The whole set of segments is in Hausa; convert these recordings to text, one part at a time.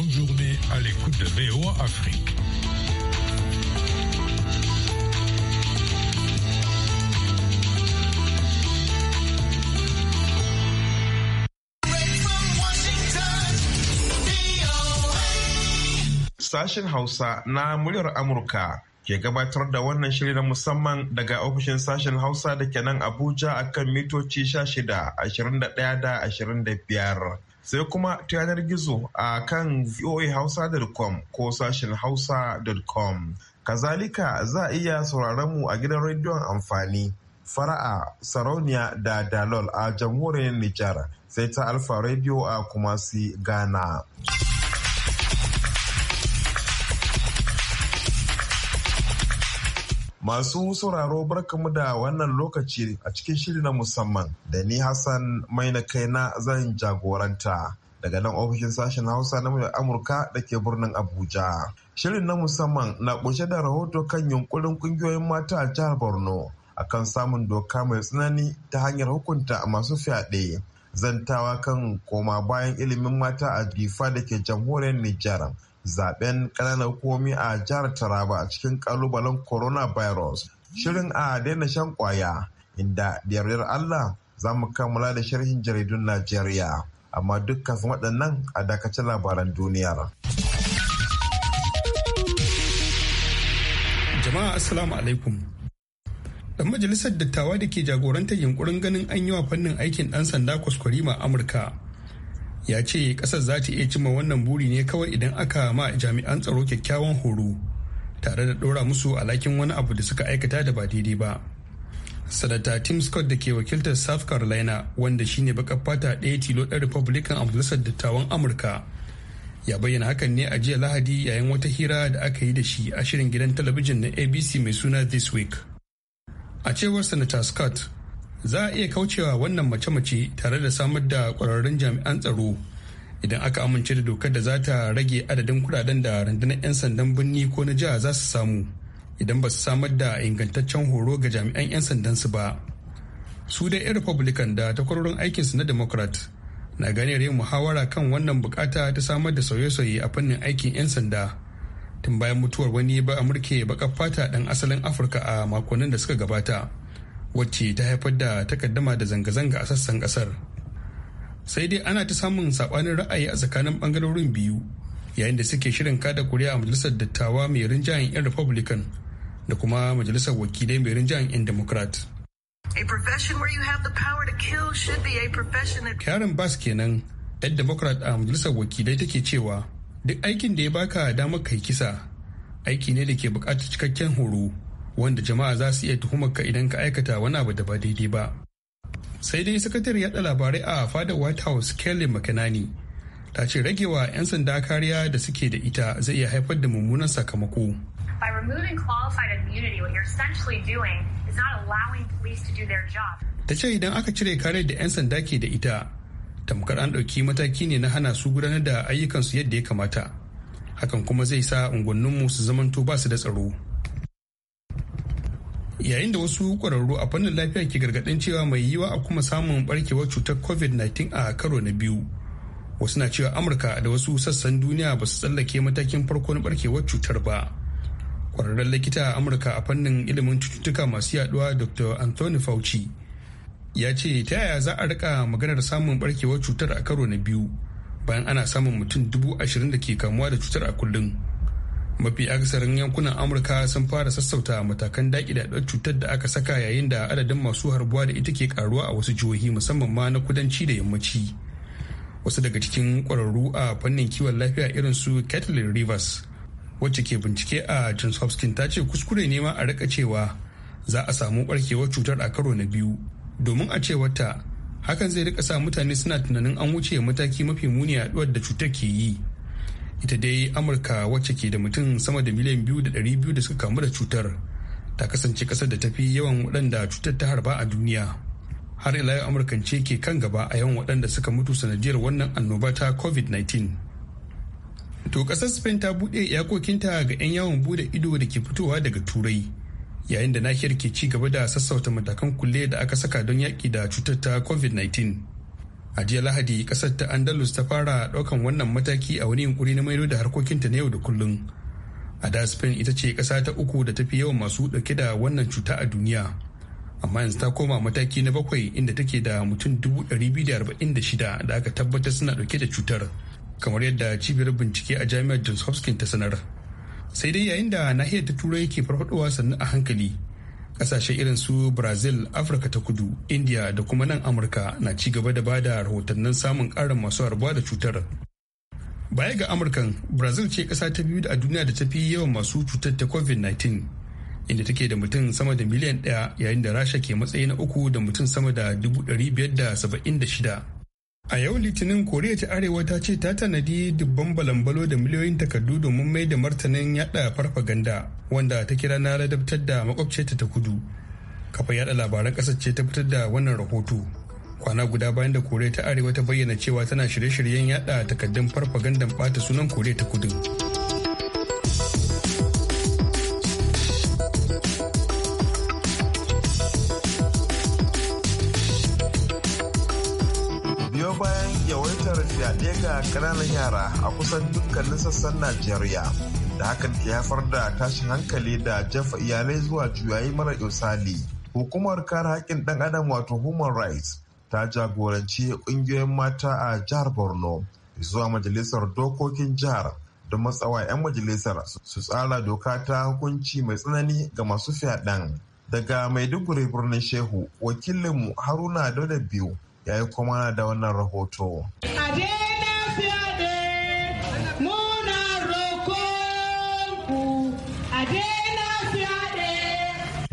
bonne journée à l'écoute de VOA Afrique. Sashen Hausa na muryar Amurka ke gabatar da wannan shiri na musamman daga ofishin sashen Hausa da ke nan Abuja akan mitoci 16, 21 da 25. sai kuma ta yanar gizo a kan voahausa.com ko sashen hausa.com. Kazalika za a iya sauraron mu a gidan rediyon amfani fara'a sarauniya da dalol a jamhuriyar Nijar sai ta alfa rediyo a kumasi Ghana. Masu sauraro barkamu da wannan lokaci a cikin shiri na musamman da ni Hassan mai na kaina zan jagoranta daga nan ofishin sashen Hausa na muryar Amurka da ke birnin Abuja. Shirin na musamman na ƙunshe da rahoto kan yunkurin ƙungiyoyin mata a jihar Borno akan samun doka mai tsanani ta hanyar hukunta masu fyaɗe. Zantawa kan koma bayan ilimin mata a gifa da ke jamhuriyar Nijar. zaben ƙananan hukumomi a jihar taraba a cikin ƙalubalen coronavirus shirin a daina shan kwaya inda da yardar allah za mu kammala da sharhin jaridun najeriya amma dukkan waɗannan a dakacin labaran duniyar jama'a assalamu alaikum dan majalisar dattawa da ke jagorantar yunkurin ganin an yi wa fannin aikin dan sanda ma amurka ya ce kasar za ta iya cimma wannan buri ne kawai idan aka ma jami'an tsaro kyakkyawan horo tare da ɗora musu alakin wani abu da suka aikata da ba daidai ba sanata tim scott da ke wakiltar south carolina wanda shine baka fata ɗaya tilo ɗan republican a majalisar dattawan amurka ya bayyana hakan ne a jiya lahadi yayin wata hira da aka yi da shi a shirin gidan talabijin na abc mai suna this week a cewar sanata scott za a iya kaucewa wannan mace-mace tare da samar da kwararrun jami'an tsaro idan aka amince da dokar da za ta rage adadin kudaden da rundunar 'yan sandan birni ko na jiha za su samu idan ba su samar da ingantaccen horo ga jami'an 'yan sandan su ba su dai 'yan republican da takwarorin su na democrat na ganin yin muhawara kan wannan bukata ta samar da sauye-sauye a fannin aikin 'yan sanda tun bayan mutuwar wani ba amurke baka fata dan asalin afirka a makonnin da suka gabata. wacce ta haifar da takaddama da zanga-zanga a sassan kasar sai dai ana ta samun saɓanin ra'ayi a tsakanin ɓangarorin biyu yayin da suke shirin kada kuri'a a majalisar dattawa mai rinjayen 'yan republican da kuma majalisar wakilai mai rinjayen 'yan democrat karen bas kenan 'yan democrat a majalisar wakilai take cewa duk aikin da ya baka damar kai kisa aiki ne da ke bukatar cikakken horo wanda jama'a za su iya tuhumar ka idan ka aikata wani abu da ba daidai ba sai dai sakatare yaɗa labarai a fada white house kelly mckenani ta ce ragewa 'yan sanda kariya da suke da ita zai iya haifar da mummunan sakamako By removing qualified immunity, what essentially doing is not allowing job. Ta ce idan aka cire kare da 'yan sanda ke da ita, tamkar an ɗauki mataki ne na hana su gudanar da ayyukansu yadda ya kamata. Hakan kuma zai sa unguwanninmu su zamanto ba su da tsaro. yayin da wasu kwararru a fannin lafiya ke gargaɗin cewa mai yiwa a kuma samun barkewar cutar covid-19 a karo na biyu wasu na cewa amurka da wasu sassan duniya ba su tsallake matakin farko na barkewar cutar ba kwararren likita a amurka a fannin ilimin cututtuka masu yaduwa dr anthony fauci ya ce ta yaya za a rika maganar samun barkewar cutar a karo na biyu bayan ana samun mutum dubu ashirin da ke kamuwa da cutar a kullum mafi akasarin yankunan amurka sun fara sassauta matakan daƙi da cutar da aka saka yayin da adadin masu harbuwa da ita ke karuwa a wasu jihohi musamman ma na kudanci da yammaci wasu daga cikin ƙwararru a fannin kiwon lafiya irin su kathleen rivers wacce ke bincike a johns hopkins ta ce kuskure ne ma a rika cewa za a samu ɓarkewar cutar a karo na biyu domin a wata hakan zai rika sa mutane suna tunanin an wuce mataki mafi muni yaduwar da cutar ke yi ita dai amurka wacce ke da mutum sama da miliyan biyu da ɗari biyu da suka kamu da cutar ta kasance kasar da ta fi yawan waɗanda cutar ta harba a duniya har ila yau amurkance ke kan gaba a yawan waɗanda suka mutu sanadiyar wannan annoba ta covid-19 to kasar spain ta buɗe iyakokinta ga 'yan yawon bude ido da ke fitowa daga turai yayin da nahiyar ke ci gaba da sassauta matakan kulle da aka saka don yaƙi da cutar ta covid-19 a jiya lahadi kasar ta andalus ta fara daukan wannan mataki a wani yunkuri na maido da harkokinta na yau da kullum a da spain ita ce kasa ta uku da tafi yawan masu dauke da wannan cuta a duniya amma yanzu ta koma mataki na bakwai inda take da mutum dubu 246 da aka tabbatar suna dauke da cutar kamar yadda cibiyar bincike a jami'ar johns hopkins ta sanar sai dai yayin da nahiyar ta turai ke farfadowa sannu a hankali kasashe irin su brazil afirka ta kudu india da kuma nan amurka na ci gaba da bada rahotannin samun karin masu harbuwa da cutar baya ga amurkan brazil ce kasa ta biyu a duniya da ta fi yawan masu cutar ta covid-19 inda take da mutum sama da miliyan daya yayin da rasha ke matsayi na uku da mutum sama da 576 A yau Litinin Koriya ta Arewa ta ce ta tanadi dubban balambalo da miliyoyin takardu domin mai da martanin yada farfaganda wanda ta kira na ladabtar da makwabcinta ta kudu. Kafa yada labaran kasar ce ta fitar da wannan rahoto. Kwana guda bayan da Koriya ta Arewa ta bayyana cewa tana shirye-shiryen yada takardun farfagandan bata sunan Koriya ta Kudu. kananan yara a kusan dukkanin sassan najeriya da hakan ke haifar da tashin hankali da jafa iyalai zuwa juyayi mara isali hukumar kare haƙƙin ɗan adam wato human rights ta jagoranci ƙungiyoyin mata a jihar borno zuwa majalisar dokokin jihar don matsawa 'yan majalisar su tsara doka ta hukunci mai tsanani ga masu fyaɗen daga maiduguri birnin shehu wakilinmu haruna Dole biyu ya yi kwamana da wannan rahoto.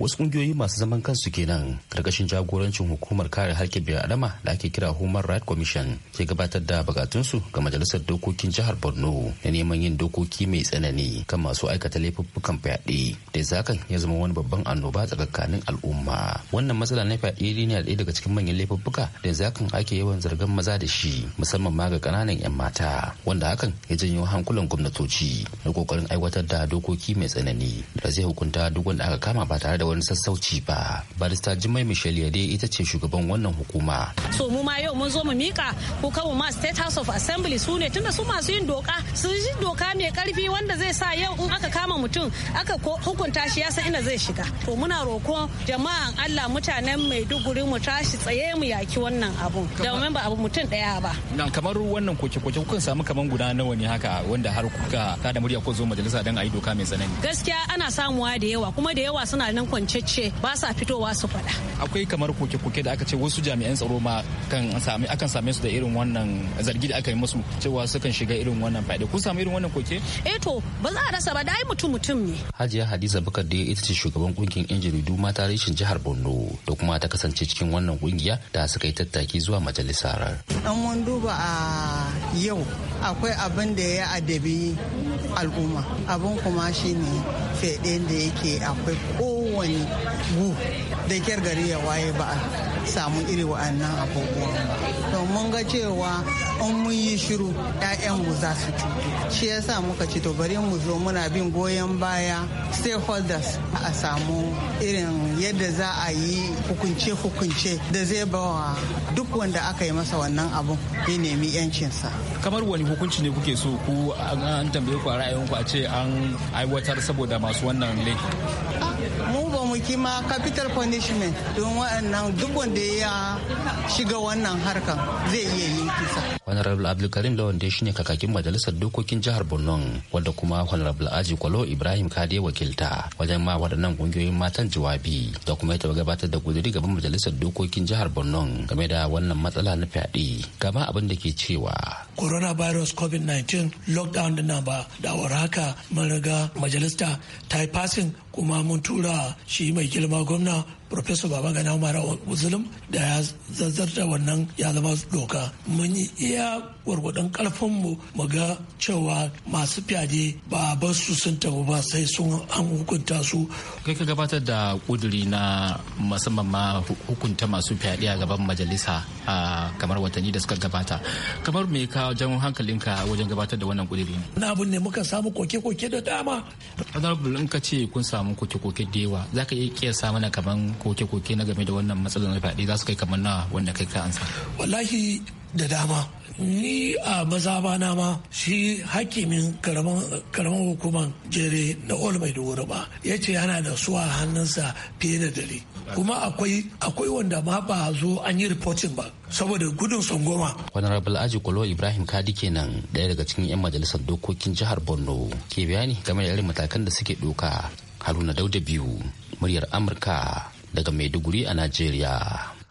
wasu kungiyoyi masu zaman kansu kenan karkashin jagorancin hukumar kare harkin adama da ake kira human rights commission ke gabatar da bukatunsu ga majalisar dokokin jihar borno na neman yin dokoki mai tsanani kan masu aikata laifuffukan fyaɗe da hakan ya zama wani babban annoba tsakanin al'umma wannan matsala na fyaɗe ne ɗaya daga cikin manyan laifuffuka da hakan ake yawan zargan maza da shi musamman ma ga ƙananan 'yan mata wanda hakan ya janyo hankulan gwamnatoci na kokarin aiwatar da dokoki mai tsanani da zai hukunta duk wanda aka kama ba tare da wani sassauci ba barista jimai michelle yade ita ce shugaban wannan hukuma so mu ma yau mun zo mu mika ko ma state house of assembly su ne tunda su masu yin doka su yi doka mai karfi wanda zai sa yau in aka kama mutum aka hukunta shi ya san ina zai shiga to muna roko jama'an allah mutanen maiduguri mu tashi tsaye mu yaki wannan abu domin ba abu mutum daya ba nan kamar wannan koke-koke kun samu kamar guda nawa ne haka wanda har kuka tada murya ko zo majalisa don a yi doka mai tsanani gaskiya ana samuwa da yawa kuma da yawa suna nan tantance ba sa fitowa su faɗa. Akwai kamar koke-koke da aka ce wasu jami'an tsaro ma kan akan same su da irin wannan zargi da aka yi musu cewa sukan shiga irin wannan faɗi. Kun samu irin wannan koke? Eh to ba za a rasa ba dai mutum mutum ne. Hajiya Hadiza Bukar da ita ce shugaban kungiyar 'yan jaridu mata reshen jihar Borno da kuma ta kasance cikin wannan kungiya da suka yi tattaki zuwa majalisar. Dan wan duba a yau akwai abin da ya adabi al'umma abin kuma shine fede da yake akwai ko kowane gu da kyar gari ya waye ba a samu iri wa'annan abubuwan ba. To mun ga cewa in mun yi shiru 'ya'yanmu za su cutu shi yasa muka ci to bari mu zo muna bin goyon baya stakeholders a samu irin yadda za a yi hukunce-hukunce da zai bawa duk wanda aka yi masa wannan abun ya nemi 'yancinsa kamar wani hukunci ne kuke so ku an tambaye ku a ra'ayinku a ce an aiwatar saboda masu wannan laifi ah, mu ba mu kima capital punishment don waɗannan duk wanda ya shiga wannan harkan zai iya yin kisa honorable abdulkarim lawan dai shine kakakin majalisar dokokin jihar borno wanda kuma honorable aji kwalo ibrahim kade wakilta wajen ma waɗannan ƙungiyoyin matan jawabi da kuma ya taɓa gabatar da guduri gaban majalisar dokokin jihar borno game da wannan matsala na fyaɗe gama abin da ke cewa coronavirus covid-19 lockdown din nan ba da haka mun riga majalista ta yi passing kuma mun tura shi mai girma gwamna Professor Babagana Umar Uzulum da ya zazzar da wannan ya zama doka. Mun yi iya gwargwadon karfinmu mu ga cewa masu fyaɗe ba ba su sun tafi ba sai sun an hukunta su. Kai ka gabatar da kuduri na musamman ma hukunta masu fyaɗe a gaban majalisa kamar watanni da suka gabata. Kamar me ka jan hankalinka wajen gabatar da wannan kuduri? Na abin ne muka samu koke-koke da dama. Honorable in ka ce kun samu samu koke-koke da yawa za ka iya sa mana kaman koke-koke na game da wannan matsalar na fyaɗe za su kai kamar nawa wanda kai ka ansa. wallahi da dama ni a maza ba na ma shi hakimin karamin hukuman jere na ol mai dogoro ba ya ce yana da suwa hannunsa fiye da dare kuma akwai akwai wanda ma ba zo an yi reportin ba saboda gudun tsangoma. honorable aji kolo ibrahim kadi kenan daya daga cikin yan majalisar dokokin jihar borno ke bayani game da irin matakan da suke doka haruna dauda biyu muryar amurka daga maiduguri a najeriya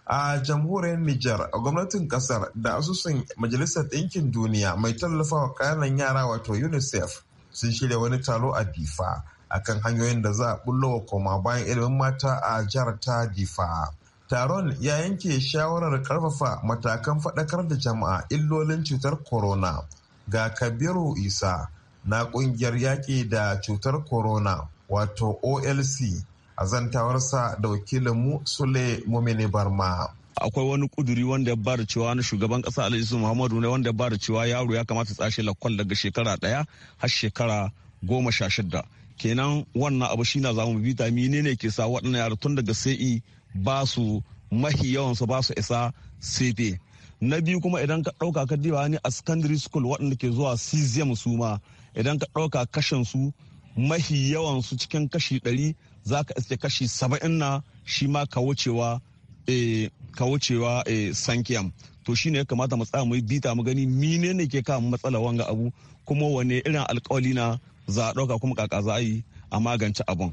a jamhuriyar Niger, gwamnatin kasar da asusun majalisar ɗinkin duniya mai tallafawa kayanan yara wato unicef sun shirya wani taro a difa akan hanyoyin da za a wa koma bayan ilimin mata a jihar ta difa taron ya yanke shawarar karfafa matakan faɗakar da jama'a illolin cutar corona ga kabiru isa na ƙungiyar yaƙi da cutar corona wato olc a zantawarsa da wakilinmu sule mumini barma akwai wani kuduri wanda ya bada cewa na shugaban kasa alhaji muhammadu ne wanda ya bada cewa yaro ya kamata tsashe lakwal daga shekara daya har shekara goma sha shida kenan wannan abu shi na zamu bi mine ne ke sa waɗannan yara tun daga sai e ba su mahi yawansu ba su isa sefe na biyu kuma idan ka ɗauka ka diba ni a secondary school waɗanda ke zuwa cesium su ma idan ka ɗauka kashin su mahi yawan su cikin kashi ɗari za ka iske kashi saba'in na shi ma ka wucewa eh, eh, sankiyam to shi ne ya kamata mu tsaya mu bita mu gani mine ne ke kawo matsala wanga abu kuma wane irin alkawali na za a ɗauka kuma kaka za a yi a magance abun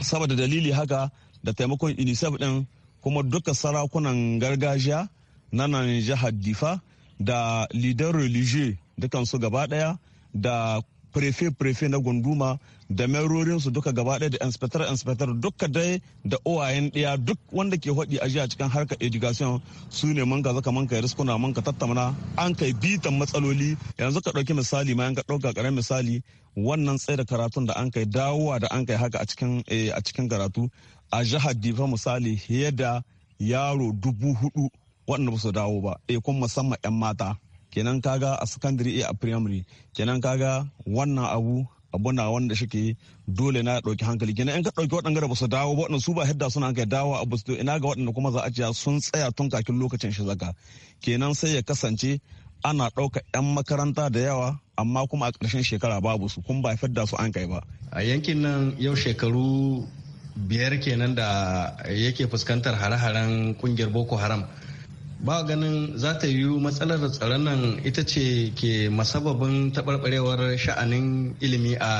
saboda dalili haka da taimakon unicef din kuma duka sarakunan gargajiya na nan jihar difa da Lidar religieux dukansu gaba ɗaya da prefe-prefe na gunduma da merorinsu duka gaba ɗaya da inspector-inspector duka dai da owayen ɗaya duk wanda ke hodi a jiya cikin harkar education su ne manka zaka manka ya riskuna manka tattamana an kai bitan matsaloli yanzu ka ɗauki misali ma ka ɗauka ƙaramin misali wannan tsaye da karatun da an kai dawowa da an kai haka a cikin eh, a cikin karatu a jihar difa misali yadda yaro dubu hudu waɗanda ba su dawo ba e kuma musamman 'yan mata kenan kaga a secondary a primary kenan kaga wannan abu abu na wanda shike dole na dauki hankali kenan in ka dauki waɗanda ba su dawo ba su ba hidda suna kai dawo a busto ina ga waɗanda kuma za a ciya sun tsaya tun kakin lokacin shi zaka kenan sai ya kasance ana ɗauka 'yan makaranta da yawa amma kuma a ƙarshen shekara babu su kun ba fidda su an kai ba a yankin nan yau shekaru biyar kenan da yake fuskantar hare-haren kungiyar boko haram ba ganin za ta yiwu matsalar tsaron nan ita ce ke masababin taɓarɓarewar sha'anin ilimi a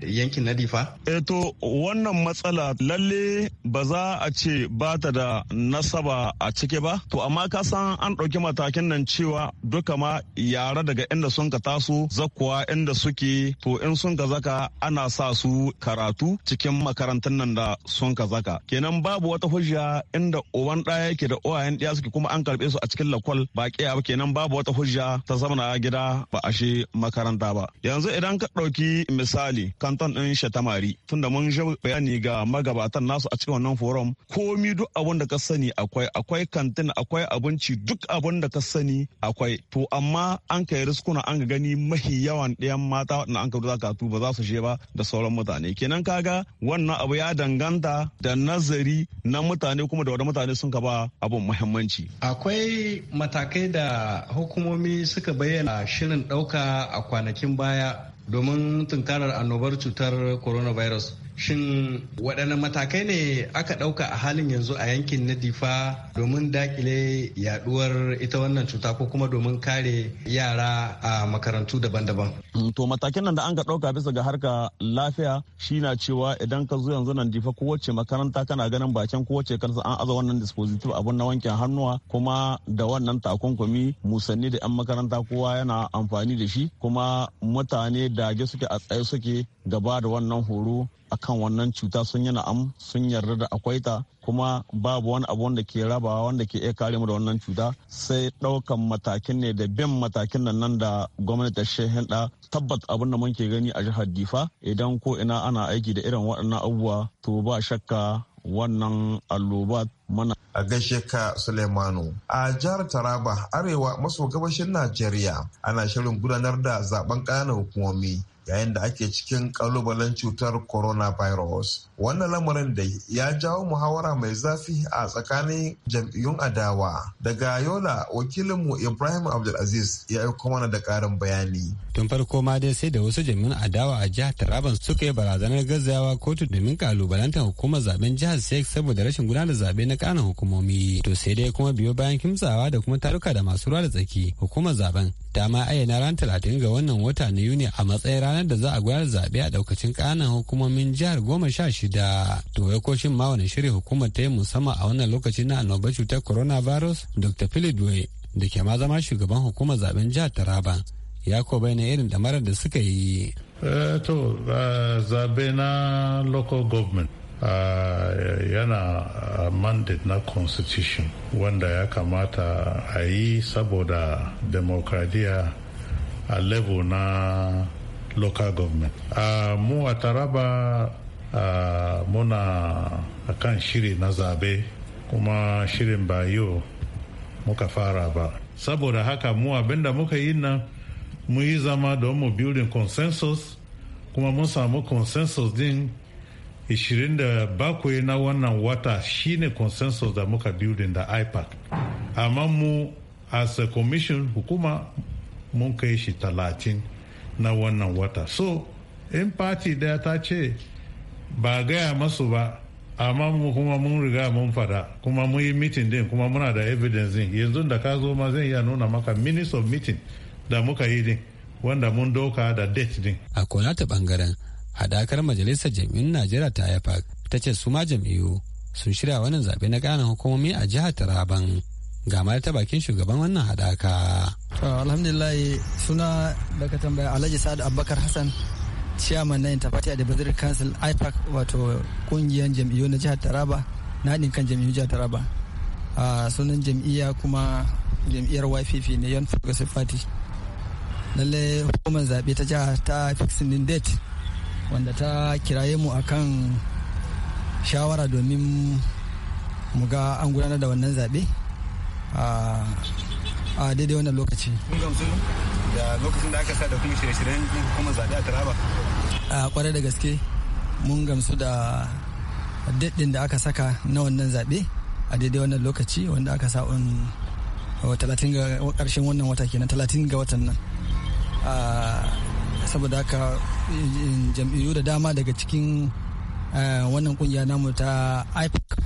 yankin nadifa? eto eh wannan matsala lalle ba za a ce ba ta da nasaba a cike ba to amma ka san an ɗauki matakin nan cewa duka ma yara daga inda sun ka taso zakuwa inda suke to in sun ka zaka ana sa su karatu cikin makarantun nan da sun ka zaka kenan babu wata hujja inda uban ɗaya yake da uwayen ɗaya suke kuma an ka karbe su a cikin lakwal ba a ba kenan babu wata hujja ta zamana gida ba a shi makaranta ba yanzu idan ka ɗauki misali kanton ɗin shatamari tunda mun sha bayani ga magabatan nasu a cikin wannan forum komi duk abun da ka sani akwai akwai kantin akwai abinci duk abun da ka sani akwai to amma an kai riskuna an ga gani mahi yawan ɗayan mata na an karu zakatu ba za su je ba da sauran mutane kenan kaga wannan abu ya danganta da nazari na mutane kuma da wani mutane sun ka ba abun muhimmanci a akwai matakai da hukumomi suka bayyana shirin ɗauka a kwanakin baya domin tunkarar annobar cutar coronavirus shin waɗanne matakai ne aka ɗauka a halin yanzu a yankin na difa domin dakile yaduwar ita wannan cuta ko kuma domin kare yara a makarantu daban-daban mm, to matakin nan da an ka ɗauka bisa ga harka lafiya shi na cewa idan ka zo yanzu nan difa kowace makaranta kana ganin bakin kowace kansa an aza wannan dispositif abun na wankin hannuwa kuma da wannan takunkumi musanni da 'yan makaranta kowa yana amfani da shi kuma mutane dage suke a tsaye suke gaba da wannan horo akan wannan cuta sun yi na'am sun yarda da akwai ta kuma babu wani abu wanda ke rabawa wanda ke iya kare mu da wannan cuta sai ɗaukan matakin ne da bin matakin nan nan da gwamnati ta shehin da tabbat abin da muke gani a jihar difa idan ko ina ana aiki da irin waɗannan abubuwa to ba shakka wannan alloba mana. A gaishe ka Suleimanu. A jihar Taraba, Arewa maso gabashin Najeriya ana shirin gudanar da zaben ƙananan hukumomi yayin da ake cikin kalubalen cutar coronavirus. Wannan lamarin da ya jawo muhawara mai zafi a tsakanin jam'iyyun adawa. Daga Yola wakilinmu Ibrahim Abdulaziz ya aiko mana da karin bayani. Tun farko ma dai sai da wasu jami'un adawa a jihar Taraban suka yi barazanar gazzawa kotu domin kalubalantar hukumar zaben jihar sex saboda rashin gudanar da zabe na ƙananan hukumomi. To sai dai kuma biyo bayan kimtsawa da kuma taruka da masu ruwa da tsaki hukumar zaben dama ayyana ran talatin ga wannan wata na yuni a matsayin ranar da za a gudanar zaɓe a ɗaukacin ƙananan hukumomin jihar goma sha shida to ya koshin ma wani shirin hukumar ta yi musamman a wannan lokaci na annobar cutar coronavirus dr philip way da ke ma zama shugaban hukumar zaben jihar taraba ya ko bayyana irin damarar da suka yi. Eh, to eh, zabe na local government yana mandate na constitution wanda ya kamata a yi saboda demokradiyya a level na local government uh, mu a taraba uh, muna kan shiri na zabe kuma shirin bayo muka fara ba saboda haka mu abinda muka yi nan mu yi zama don mu building consensus kuma mun samu consensus din 27 na wannan wata shine consensus da muka building da ipac amma mu as a commission hukuma mun kai shi talatin na wannan wata so in party daya ta ce ba gaya masu ba amma mu kuma mun riga mun fada kuma mun yi meeting din kuma muna da evidence din yanzu da ka zo ma zai iya nuna maka minutes of meeting da muka yi din wanda mun doka da date din a kona ta bangaren hadakar majalisar jam'iyyun najeriya ta IPAC ta ce su ma jam'iyyu sun shirya wannan zaɓe na ƙananan hukumomi a jihar taraban ga ma ta bakin shugaban wannan hadaka. alhamdulillah suna daga tambaya alhaji sa'ad abubakar hassan chairman na interparty advisory council ipac wato kungiyar jam'iyyu na jihar taraba na haɗin kan jam'iyyu jihar taraba a sunan jam'iyya kuma jam'iyyar ypp ne yan progressive party lallai hukumar zaɓe ta jihar ta fixing date wanda ta kiraye mu akan shawara domin mu ga an gudanar da wannan zaɓe a daidai wannan lokaci. da lokacin da aka sa da kuma shirye-shiryen kuma zaɓe a taraba? a kwarai da gaske mun gamsu da daɗin da aka saka na wannan zaɓe a daidai wannan lokaci wanda aka sa on talatin ga ƙarshen wannan wata kenan talatin ga watan nan saboda haka eh, jam'iyyu da dama daga cikin eh, wannan kungiya namu ta ipac e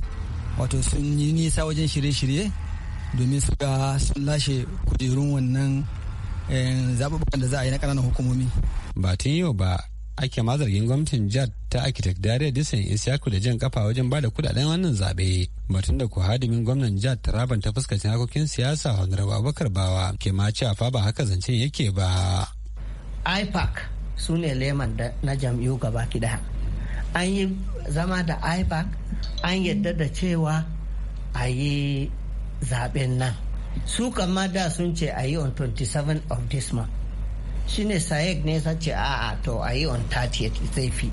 wato sun yi nisa wajen shirye-shirye domin su ga sun lashe kujerun wannan eh, zaɓuɓɓukan da za a yi na ƙananan hukumomi ba tun yau ba ake ma zargin gwamnatin jad ta architect dariya disan isyaku da jan kafa wajen ba da kudaden wannan zaɓe batun da ku hadimin gwamnan jihar ta ta fuskacin harkokin siyasa honorable abubakar bawa ke ma cewa fa ba haka zancen yake ba ipac su ne leman na jam'iyyu gaba kida an yi zama da ipac an yadda da cewa a yi zaben nan su kama da sun ce a yi on 27 of this month shine sayek ne sa ce a'a to a yi on 30 zai fi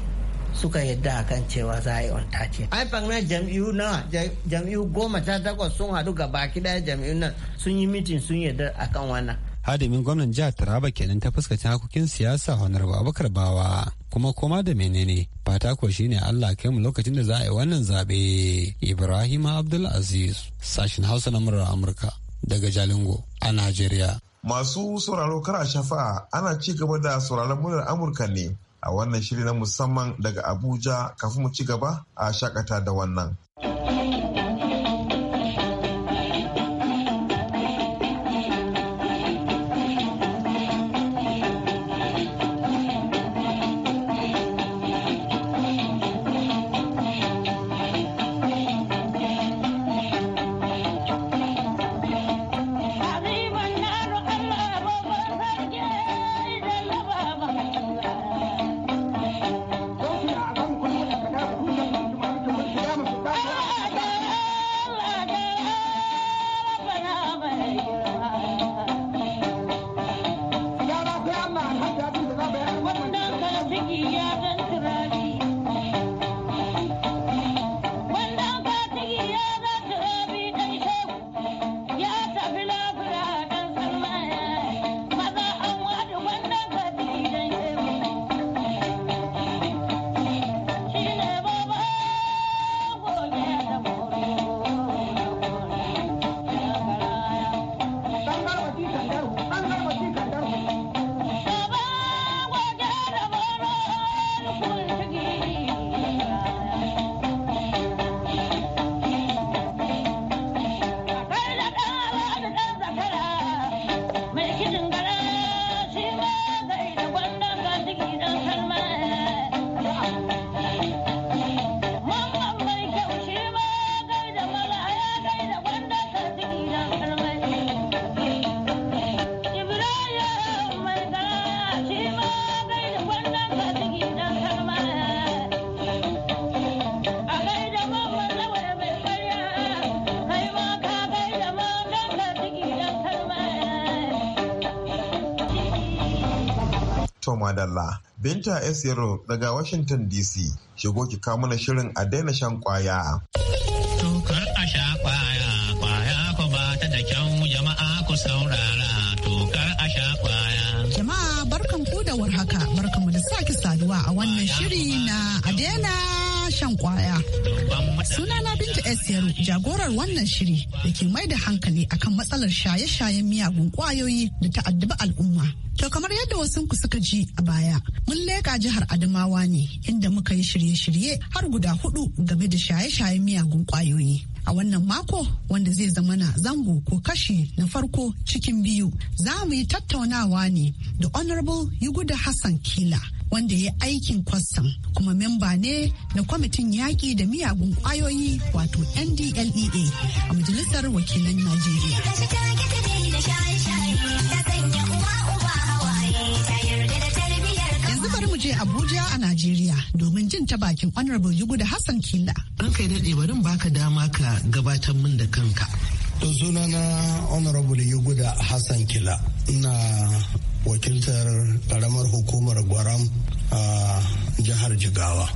suka yadda kan cewa za a yi on 30 ipac na jam'iyyu na jam'iyyu goma ta takwas sun haɗu gaba kida jam'iyyu nan sun yi mitin sun yadda akan wannan hadimin gwamnan jihar taraba kenan ta fuskacin hakokin siyasa honorable abubakar bawa kuma koma da menene fata ko shine allah kai mu lokacin da za a yi wannan zaɓe ibrahim abdulaziz sashin hausa na murar amurka daga jalingo a najeriya masu sauraro kara shafa'a ana ci gaba da sauraron murar amurka ne a wannan shiri na musamman daga abuja kafin mu ci gaba a shakata da wannan. To madalla, Binta S. Yaro daga Washington DC, shigo ki kawo mana shirin a daina shan kwaya. ku warhaka, da a wannan shiri Sunana Binta S. jagorar wannan shiri da ke mai da hankali akan matsalar shaye-shayen miyagun kwayoyi da ta'addaba al'umma. To kamar yadda wasunku suka ji a baya, mun leƙa jihar Adamawa ne inda muka yi shirye-shirye har guda hudu game da shaye-shayen miyagun kwayoyi A wannan mako wanda zai zama na zango ko kashi na farko cikin biyu za mu yi tattaunawa ne da Honorable Yuguda Hassan Kila wanda ya aikin kwastam kuma memba ne na kwamitin yaƙi da miyagun kwayoyi wato NDLEA a Majalisar Wakilan Najeriya. bari mu je Abuja a Najeriya domin jin ta bakin Honorable Yugu da Hassan Killa. An kai daɗe barin baka dama ka gabatar min da kanka. To na Honorable Yugu da Hassan Killa. Ina wakiltar karamar hukumar Gwaram a jihar Jigawa.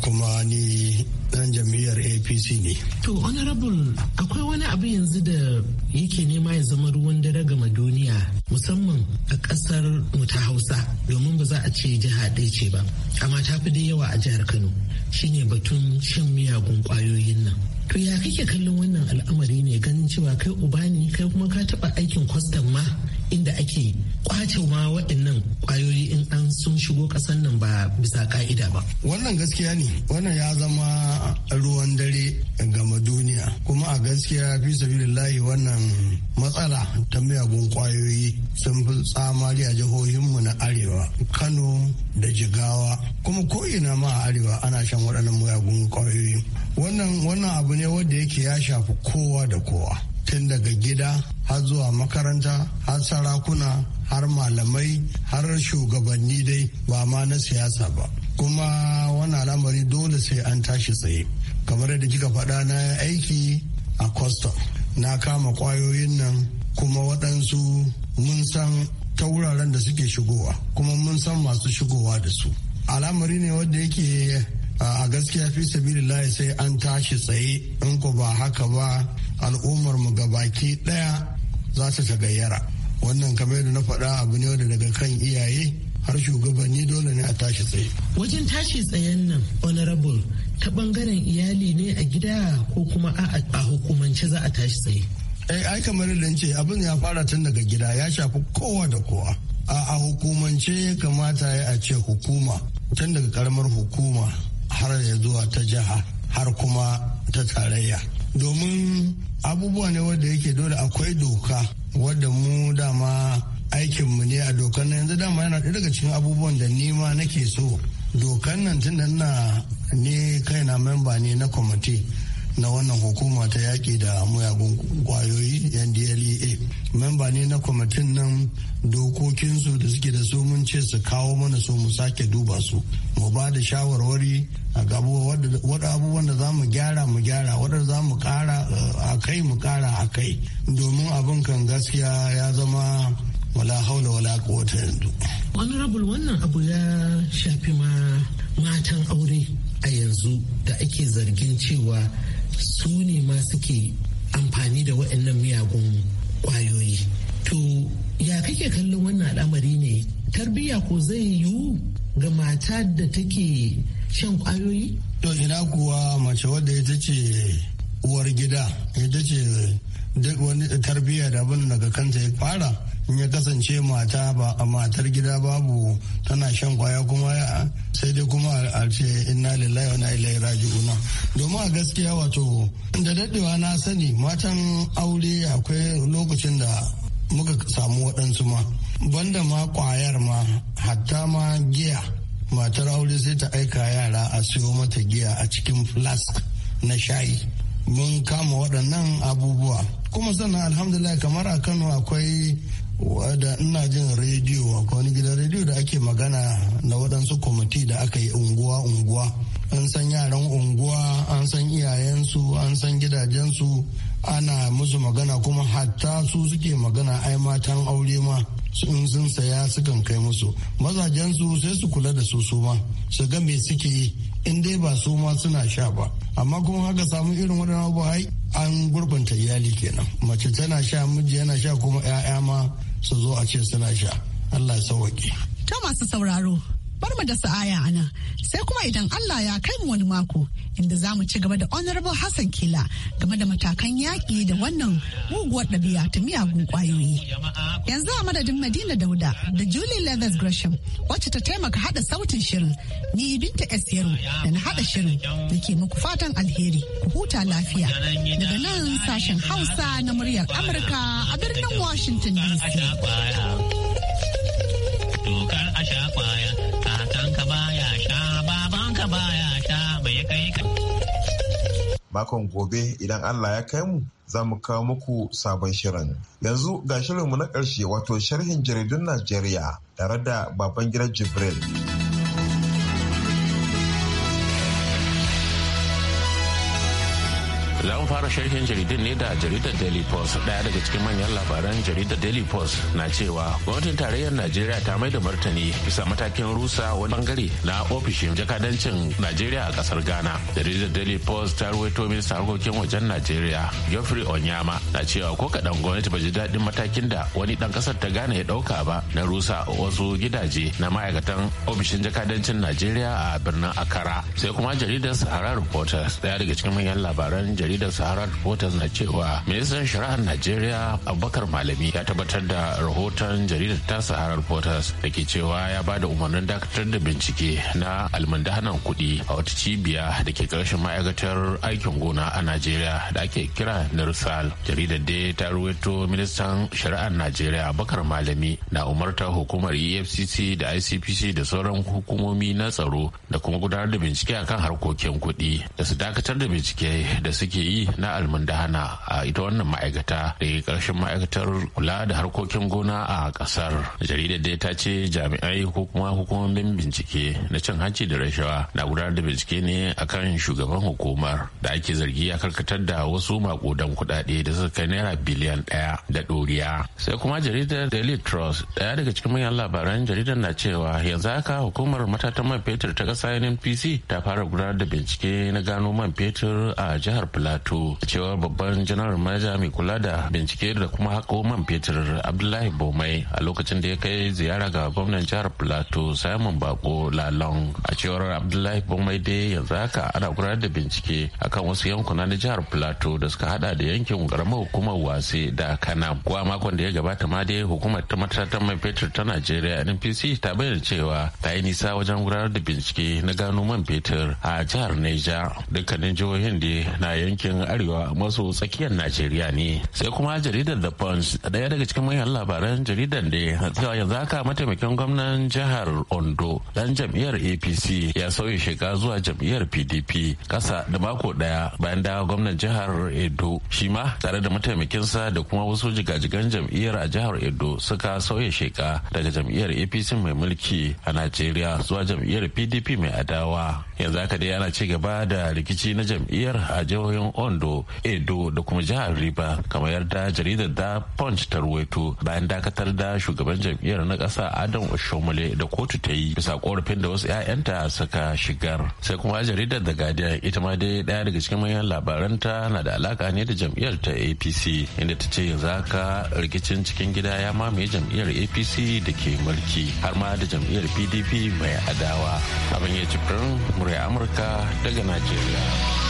Kuma ni dan jam'iyyar apc ne to honorable akwai wani abu yanzu da yake nema ya zama ruwan dare ga duniya musamman a kasar mu ta hausa domin ba za a ce jiha ɗaya ce ba amma ta fi da yawa a jihar kano shine batun shan miyagun ƙwayoyin nan to ya kake kallon wannan al'amari ne ganin cewa kai uba ne kai kuma ka taɓa aikin kwastam ma inda ake kwace ma waɗannan kwayoyi in an sun shigo ƙasar nan ba bisa ka'ida ba. Wannan gaskiya ne, wannan ya zama ruwan dare gama duniya. Kuma a gaskiya fi sabilillahi wannan matsala ta miyagun kwayoyi sun fi tsamari a jihohinmu na Arewa, Kano da Jigawa. Kuma ko ina ma a Arewa ana shan waɗannan miyagun kwayoyi. Wannan wannan abu ne wanda yake ya shafi kowa da kowa. tun daga gida har zuwa makaranta har sarakuna har malamai har shugabanni dai ba ma na siyasa ba kuma wani al'amari dole sai an tashi tsaye kamar yadda kika faɗa na aiki a custom na kama ƙwayoyin nan kuma waɗansu mun san ta wuraren da suke shigowa kuma mun san masu shigowa da su al'amari ne wanda yake a gaskiya fi sabilillahi sai an tashi tsaye in ku ba haka ba al'ummar mu gabaki daya za su ta gayyara wannan kamar da na faɗa abu ne wanda daga kan iyaye har shugabanni dole ne a tashi tsaye wajen tashi tsayen nan honorable ta bangaren iyali ne a gida ko kuma a hukumance za a tashi tsaye eh, ai kamar da ce abin ya fara tun daga gida ya shafi kowa da kowa a hukumance ya kamata ya a ce hukuma tun daga karamar hukuma har ya zuwa ta jiha har kuma ta tarayya domin abubuwa ne wanda yake dole akwai doka wadda mu dama aikinmu ne a dokar na yanzu dama yana daga cikin abubuwan da nima nake so dokan nan tun da na ne kaina memba ne na kwamiti na wannan hukuma ta yaƙi da muyagun kwayoyi ndlea memba ne na kwamitin nan dokokinsu da suke da su mun ce su kawo mana su mu sake duba su mu ba da shawarwari a gabo wadda abubuwan da za mu gyara mu gyara wadda za mu kara eh, a kai mu kara a kai domin abin kan gaskiya ya zama wala haula wala kota yanzu. honorable wannan abu ya shafi ma matan aure a yanzu da ake zargin cewa su ne ma suke amfani da waɗannan miyagun kwayoyi to ya kake kallon wannan al'amari ne tarbiyya ko zai yiwu ga mata da take shan kwayoyi to ina kuwa mace wadda ita ce uwar gida ita ce duk wani tarbiyya da abin daga kanta ya fara in ya kasance mata ba a matar gida babu tana shan kwaya kuma ya. sai dai kuma a ce inna lillahi wa ilaihi raji'una domin a gaskiya wato da daɗewa na sani matan aure akwai lokacin da muka samu waɗansu ma banda ma kwayar ma hatta ma giya matar aure sai ta aika yara a siyo mata giya a cikin flask na shayi mun kama waɗannan abubuwa kuma sannan alhamdulillah kamar a kano akwai da ina jin rediyo akwai wani gidan rediyo da ake magana na waɗansu kwamiti da aka yi unguwa-unguwa an san yaran unguwa an san iyayensu an san gidajensu ana musu magana kuma hatta su suke magana ai matan aure ma in sun saya sukan kai musu mazajen su sai su kula da su su ma su ga me suke yi in dai ba su ma suna sha ba amma kuma haka samu irin waɗannan abu ai an gurbanta iyali kenan mace tana sha miji yana sha kuma 'ya'ya ma su zo a ce suna sha Allah ya sauwaƙe. To masu sauraro bar mu da sa'aya a nan sai kuma idan Allah ya kai mu wani mako inda za mu ci gaba da honorable Hassan Kila game da matakan yaƙi da wannan muguwar ɗabi'a ta miyagun ƙwayoyi. Yanzu a madadin Madina Dauda da Julie Levis Gresham wacce ta taimaka haɗa sautin shirin ni Binta S Yaro da na haɗa shirin da ke muku fatan alheri ku huta lafiya daga nan sashen Hausa na muryar Amurka a birnin Washington DC. a baya sha babanka makon gobe idan Allah ya kai mu za mu kawo muku sabon shirin. Yanzu ga shirinmu na ƙarshe wato sharhin jaridun Najeriya tare da baban gidan Jibril. Lawan zan fara sharhin jaridar ne da jaridar daily post daya daga cikin manyan labaran jaridar daily post na cewa gwamnatin tarayyar najeriya ta maida martani bisa matakin rusa wani bangare na ofishin jakadancin najeriya a kasar ghana jaridar daily post ta ruwaito min harkokin wajen najeriya geoffrey onyama na cewa ko kadan gwamnati ba ji daɗin matakin da wani dan kasar ta ghana ya dauka ba na rusa wasu gidaje na ma'aikatan ofishin jakadancin najeriya a birnin akara sai kuma jaridar sahara reporters daya daga cikin manyan labaran jaridar sahara reporters na cewa ministan shari'ar najeriya abubakar malami ya tabbatar da rahoton jaridar ta sahara reporters da ke cewa ya ba da umarnin dakatar da bincike na almundahanan kudi a wata cibiya da ke ƙarshen ma'aikatar aikin gona a najeriya da ake kira nursal jaridar dai ta ruwaito ministan shari'ar najeriya bakar malami na umarta hukumar efcc da icpc da sauran hukumomi na tsaro da kuma gudanar da bincike akan harkokin kudi da su dakatar da bincike da suke yi na almundahana a ita wannan ma'aikata da karshen ma'aikatar kula da harkokin gona a kasar jaridar dai ta ce jami'ai ko kuma hukumomin bincike na cin hanci da rashawa na gudanar da bincike ne akan shugaban hukumar da ake zargi a karkatar da wasu makudan kudade da suka kai naira biliyan daya da ɗoriya sai kuma jaridar daily trust ɗaya daga cikin manyan labaran jaridar na cewa yanzu haka hukumar matatan man fetur ta ƙasa nnpc ta fara gudanar da bincike na gano man fetur a jihar plateau rahoto cewa babban janar maja mai kula da bincike da kuma hako man fetur abdullahi bomai a lokacin da ya kai ziyara ga gwamnan jihar plateau simon bako lalong a cewar abdullahi bomai dai yanzu haka ana gudanar da bincike akan wasu yankuna na jihar plateau da suka hada da yankin karamar hukumar wase da kana kuwa makon da ya gabata ma dai hukumar ta matatan man fetur ta najeriya npc ta bayyana cewa ta yi nisa wajen gudanar da bincike na gano man fetur a jihar niger dukkanin jihohin da na yankin arewa maso tsakiyar najeriya ne sai kuma jaridar the punch daya daga cikin manyan labaran jaridar da cewa yanzu haka mataimakin gwamnan jihar ondo dan jam'iyyar apc ya sauya shiga zuwa jam'iyyar pdp kasa da mako daya bayan da gwamnan jihar edo shi ma tare da mataimakinsa da kuma wasu jigajigan jam'iyyar a jihar edo suka sauya sheka daga jam'iyyar apc mai mulki a najeriya zuwa jam'iyyar pdp mai adawa yanzu haka dai ana ci gaba da rikici na jam'iyyar a jihohin on ondo edo da kuma jihar riba kamar yarda jaridar da punch ta ruwaito bayan dakatar da shugaban jam'iyyar na ƙasa adam oshomole da kotu ta yi bisa korafin da wasu 'ya'yanta saka shigar sai kuma jaridar da guardian ita ma dai ɗaya daga cikin manyan labaranta na da alaka ne da jam'iyyar ta apc inda ta ce yanzu haka rikicin cikin gida ya mamaye jam'iyyar apc da ke mulki har ma da jam'iyyar pdp mai adawa abin ya ci murya amurka daga najeriya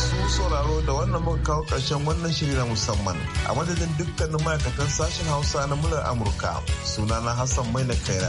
masu sauraro da wannan muka kawo ƙarshen wannan shiri na musamman a madadin dukkanin ma'aikatan sashen hausa na murar amurka sunana hassan mai na kaira